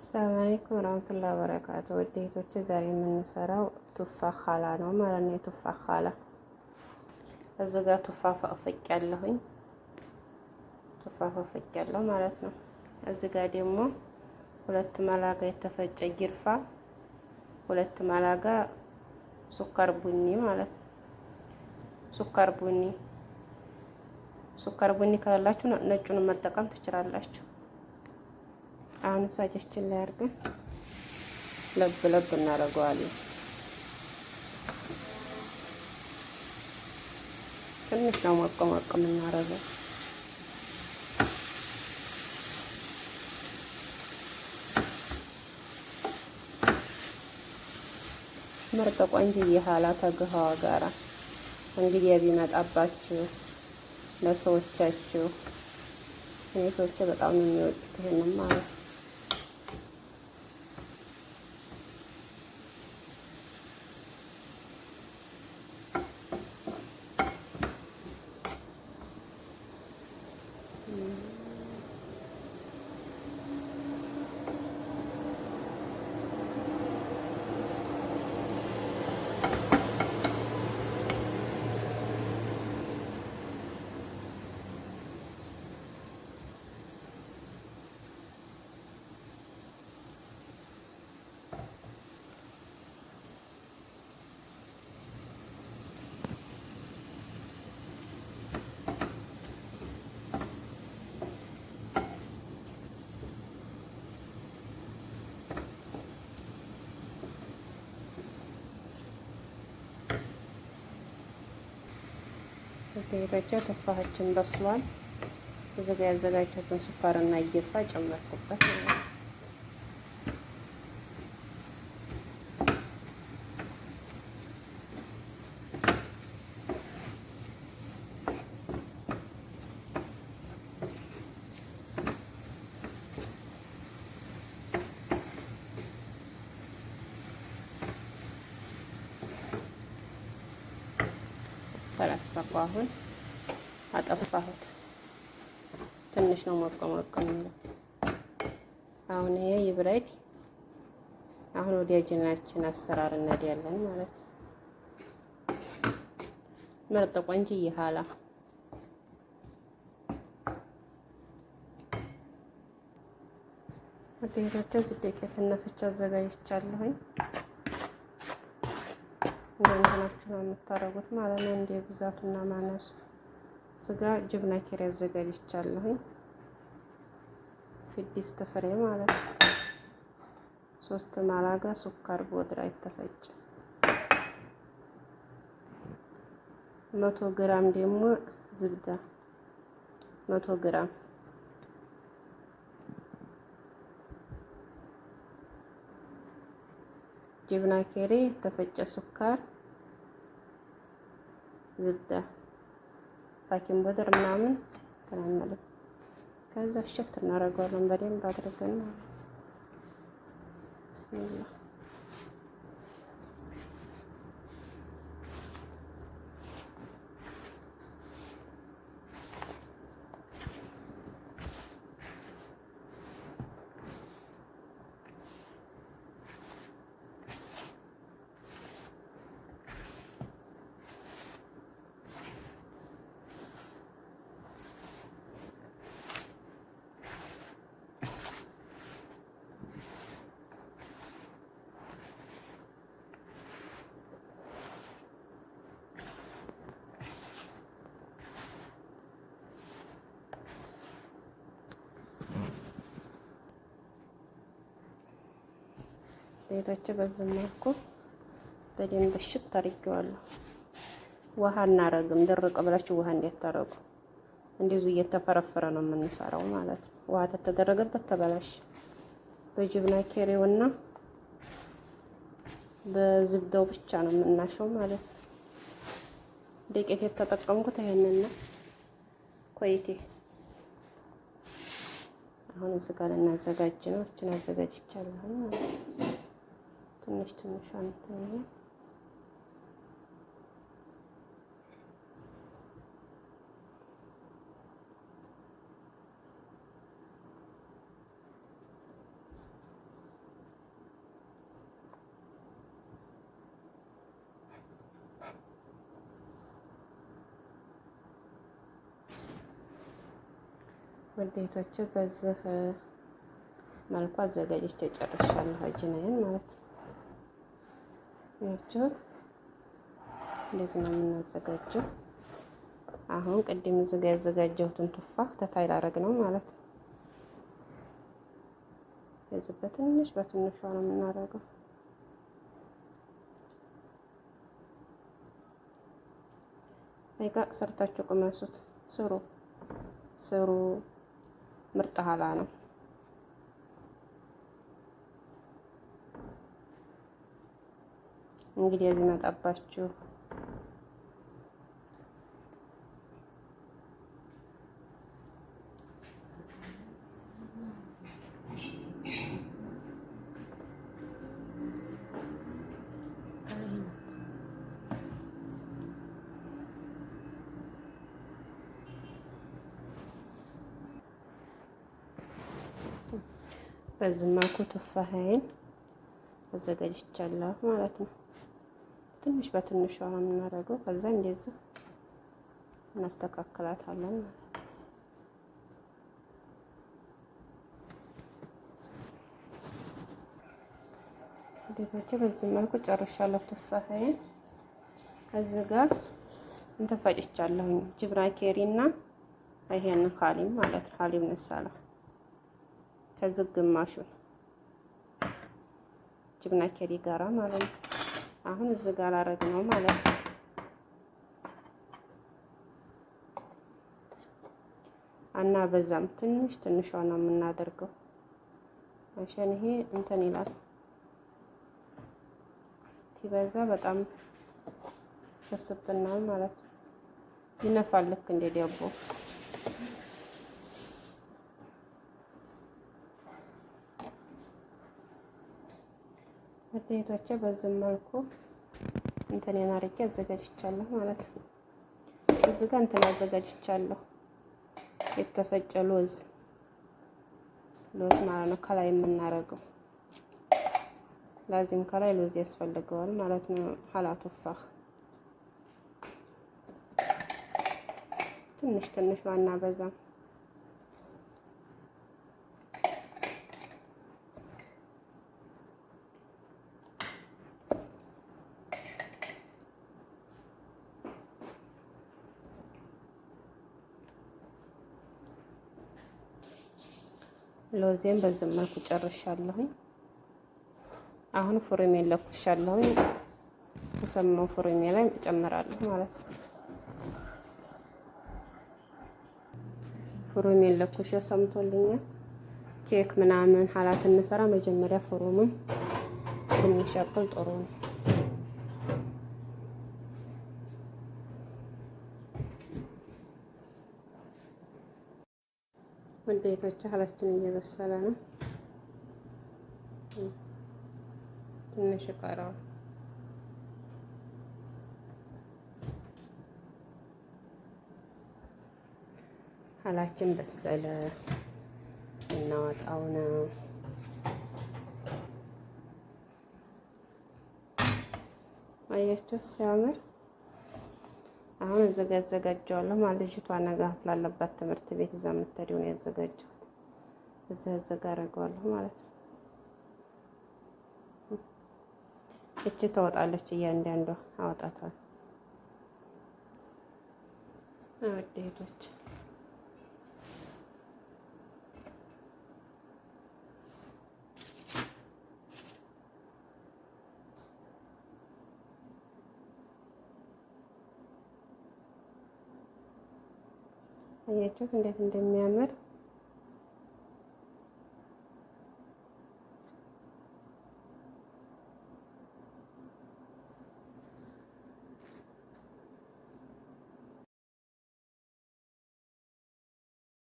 ሰላም አለይኩም ወራህመቱላሂ ወበረካቱ። ውድ እህቶቼ ዛሬ የምንሰራው ቱፋ ሀላ ነው ማለት ነው። የቱፋህ ሀላ እዚህ ጋር ቱፋህ ፈቅፍቅ ያለሁኝ ቱፋህ ፈቅፍቅ ያለው ማለት ነው። እዚህ ጋር ደግሞ ሁለት መላጋ የተፈጨ ጊርፋ፣ ሁለት ማላጋ ሱካር ቡኒ ማለት ነው። ሱካር ቡኒ ሱካር ቡኒ ካላችሁ ነጩን መጠቀም ትችላላችሁ። አሁን ሳጀችን ላይ አድርገን ለብ ለብ እናደርገዋለን። ትንሽ ነው ሞቅ ሞቅ የምናደርገው። ምርጥ ቆንጅዬ ኋላ ከግሃዋ ጋራ እንግዲህ ቢመጣባችሁ ለሰዎቻችሁ እኔ ሰዎች በጣም ነው የሚወዱት ይሄንን ማለት የተፈጨው ተፋሃችን በስሏል። እዚጋ ጋ ያዘጋጀሁትን ስኳርና እየፋ ጨመርኩበት ማለት ነው። አስገባ። አሁን አጠፋሁት። ትንሽ ነው ሞቀ ሞቀ የሚለው። አሁን ይሄ ይብረድ። አሁን ወደ ጅናችን አሰራር እንሄዳለን ማለት ነው። ምርጥ ቆንጂ ይሃላ ወደ ሄዳቸው ዝደቂያ ተነፍቻ አዘጋጅቻለሁኝ። እንደ ነው የምታደርጉት ማለት ነው። እንደ ብዛቱና ማነሱ ስጋ ጅብና ኪር ያዘጋጅቻለሁኝ ስድስት ፍሬ ማለት ነው። ሶስት ማላጋ ሱካር ቦድራ የተፈጨ መቶ ግራም ደግሞ ዝብዳ መቶ ግራም ጅብና ኬሪ፣ የተፈጨ ሱካር፣ ዝብዳ፣ ባኪን ቦደር ምናምን ተናመለ። ከዛ ሸፍት እናደርገዋለን በደንብ አድርገን ማለት ቤቶች በዚህ መልኩ በደንብ እሽት አድርጌዋለሁ። ውሃ እናረግም፣ ድርቅ ብላችሁ ውሃ እንዲያታረጉ እንደዚሁ እየተፈረፈረ ነው የምንሰራው ማለት ነው። ውሃ ተተደረገበት ተበላሽ። በጅብና ኬሬውና በዝብደው ብቻ ነው የምናሸው ማለት ነው። ዱቄት የተጠቀምኩት ይሄንን ኮይቴ አሁን እዚህ ጋር እናዘጋጅ ነው። እችን አዘጋጅቻለሁ ማለት ነው። ትንሽ ትንሽ አንተኛ ወዴቶች በዚህ መልኩ አዘጋጅቼ ጨርሻለሁ። ጅናዬን ማለት ነው። ያችሁት እንደዚህ ነው የምናዘጋጀው። አሁን ቅድም ዝጋ ያዘጋጀሁትን ቱፋ ተታይ ላረግ ነው ማለት ነው። እዚህ በትንሽ በትንሿ ነው የምናደርገው። አይቃ ሰርታችሁ ቅመሱት። ስሩ ስሩ፣ ምርጥ ሀላ ነው። እንግዲህ ይመጣባችሁ። በዚህ መልኩ ቱፋሃይን አዘጋጅቻለሁ ማለት ነው። ትንሽ በትንሽ ነው የምናደርገው። ከዛ እንደዚህ እናስተካክላታለን ማለት ነው። ቤቶቼ በዚህ መልኩ ጨርሻለሁ። ተፋፋይን እዚህ ጋር እንተፈጭቻለሁ። ጅብራ ኬሪ እና ይሄን ሀሊም ማለት ነው። ሀሊም ነሳላ ከዚህ ግማሹ ጅብና ኬሪ ጋራ ማለት ነው። አሁን እዚህ ጋር አረግ ነው ማለት ነው። እና በዛም ትንሽ ትንሿ ነው የምናደርገው አሸን ይሄ እንትን ይላል ሲበዛ በጣም ስብናል ማለት ይነፋል ልክ እንደ ዳቦ እህቶቼ በዚህ መልኩ እንትን አድርጌ አዘጋጅቻለሁ ማለት ነው። እዚህ ጋር እንትን አዘጋጅቻለሁ የተፈጨ ሎዝ ሎዝ ማለት ነው። ከላይ የምናደርገው ላዚም ከላይ ሎዝ ያስፈልገዋል ማለት ነው። ሀላቱፋህ ትንሽ ትንሽ ዋና በዛም ሎዜን በዚህ መልኩ ጨርሻለሁኝ። አሁን ፉርሜን ለኩሻለሁኝ። የሰማው ፉርሜ ላይ እጨምራለሁ ማለት ነው። ፉርሜን ለኩሽ ሰምቶልኛል። ኬክ ምናምን ሀላት እንሰራ መጀመሪያ ፉርሙን ብንሸቅል ጥሩ ነው። በቻ እህላችን እየበሰለ ነው። ትንሽ ይቀረዋል። እህላችን በሰለ። እናወጣው ነው። አያችሁ ሲያምር አሁን እዘጋጀዋለሁ ማለት ልጅቷ ነገ አፍላለባት ትምህርት ቤት እዛ የምትሄደውን ያዘጋጀው እዚህ አዘጋ አደርገዋለሁ ማለት ነው። እቺ ተወጣለች። እያንዳንዷ አወጣታል ውዴቶች አያችሁት እንዴት እንደሚያምር